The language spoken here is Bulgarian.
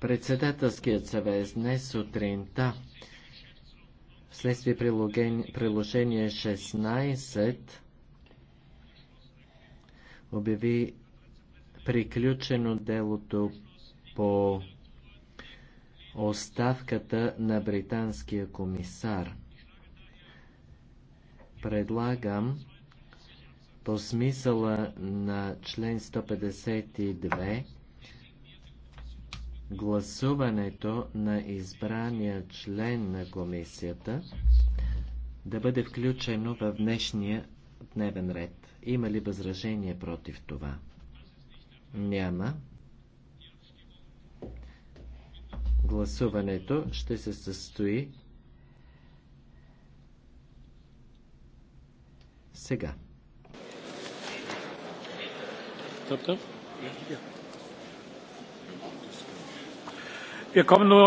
Председателският съвет днес сутринта вследствие приложение 16 обяви приключено делото по оставката на британския комисар. Предлагам по смисъла на член 152 гласуването на избрания член на комисията да бъде включено в днешния дневен ред. Има ли възражение против това? Няма. Гласуването ще се състои сега. Yeah. wir kommen